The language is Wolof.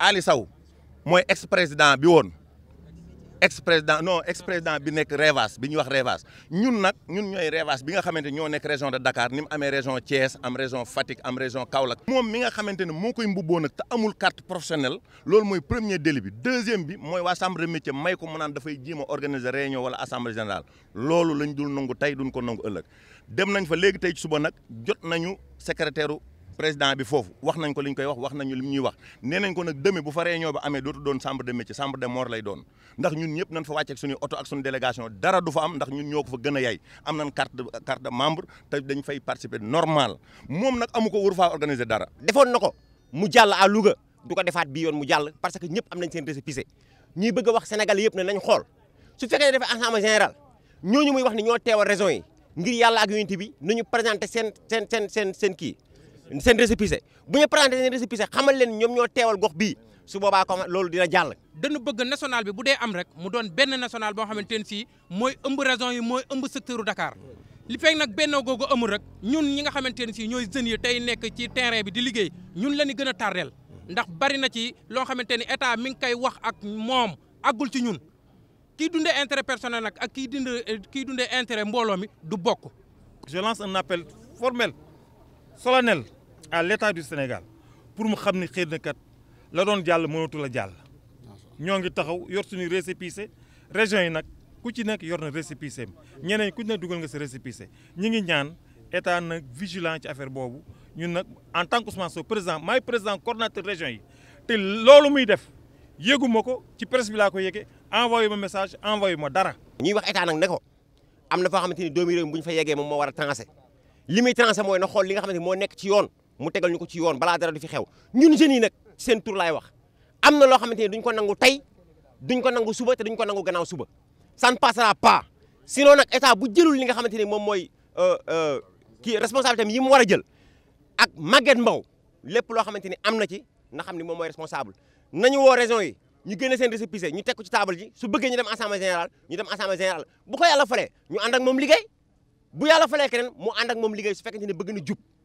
Ali Sow mooy ex président bi woon ex président non ex président bi nekk Révas bi ñuy wax Révas ñun nag ñun ñooy Révas bi nga xamante ñoo nekk région de Dakar ni mu amee région Thiès am région Fatick am région Kaolack. moom mi nga xamante ne moo koy mbubboo nag te amul carte professionnelle loolu mooy premier délit bi deuxième bi mooy waa chambre de métier may ko mu naan dafay jéem a organiser réunion wala assemblée générale loolu lañ dul nangu tey duñ ko nangu ëllëg dem nañ fa léegi tey ci suba nag jot nañu secrétaire président bi foofu wax nañ ko li ñu koy wax wax nañu li ñuy wax nee nañ ko nag demee bu fa réunion ba amee dootu doon chambre de métier chambre de mort lay doon ndax ñun ñëpp nañ fa wàcceek suñuy oto ak suñu délégation dara du fa am ndax ñun ñoo ko fa gën a yay am nañ carte carte de membre te dañ fay participer normal moom nag amu ko wër faa organiser dara defoon na ko mu jàll à Louga du ko defaat bii yoon mu jàll parce que ñëpp am nañ seen récépissé ñuy bëgg a wax Sénégal yëpp ne nañ xool su fekkee ne dafa assemblée générale ñooñu muy wax ni ñoo teewal raison yi ngir yàlla ak unité bi nañu présenté seen seen seen seen seen kii seen récépissé bu ñu présenté seen récépissé xamal leen ñoom ñoo teewal gox bii su boobaa comme loolu dina jàll. dañu bëgg national bi bu dee am rek mu doon benn national boo xamante ne sii mooy ëmb région yi mooy ëmb secteur dakaar li fekk nag benn googu amul rek ñun ñi nga xamante ne sii ñooy jeunes yi tey nekk ci terrain bi di liggéey ñun la ñu gën a tardeel ndax bari na ci loo xamante ni état mi ngi koy wax ak moom aggul ci ñun kii dundee intérêt personnel nag ak kii dund kii dundee intérêt mbooloo mi du bokk. je lance un appel formel solennel. à l'état du Sénégal pour mu xam ne xëy na kat la doon jàll mënatu la jàll. ñoo ngi taxaw yor suñu récépissé région yi nag ku ci nekk yor na récépissé am ñeneen ku ci nekk dugal nga si récépissé ñi ngi ñaan état nag vigilant ci affaire boobu ñun nag en tant que Ousmane Sow président maay président ordinateur région yi te loolu muy def yëguma ko ci presse bi laa ko yëgee envoyé ma message envoyé ma dara. ñuy wax état nag ne ko am na foo xamante ni doomi réew fa yeggee moom moo war a li muy mooy na xool li nga xamante moo nekk ci yoon. mu tegal ñu ko ci yoon balaa dara du fi xew ñun jeunes yi nag seen tur laay wax am na loo xamante ni duñ ko nangu tey duñ ko nangu suba te duñ ko nangu gannaaw suba ça ne pa si sinon nag état bu jëlul li nga xamante ni moom mooy euh, euh, kii responsabilité yi mu war a jël ak Maguette Mbow lépp loo xamante ni am na ci na xam ni moom mooy responsable nañu woo régions yi ñu génne seen récépissé ñu tek ko ci table ji su bëggee ñu dem assemblée générale ñu dem assemblée générale bu ko yàlla falee ñu ànd moom liggéey bu yàlla falee keneen mu ànd ak moom liggéey su fekkente ne bëgg na jub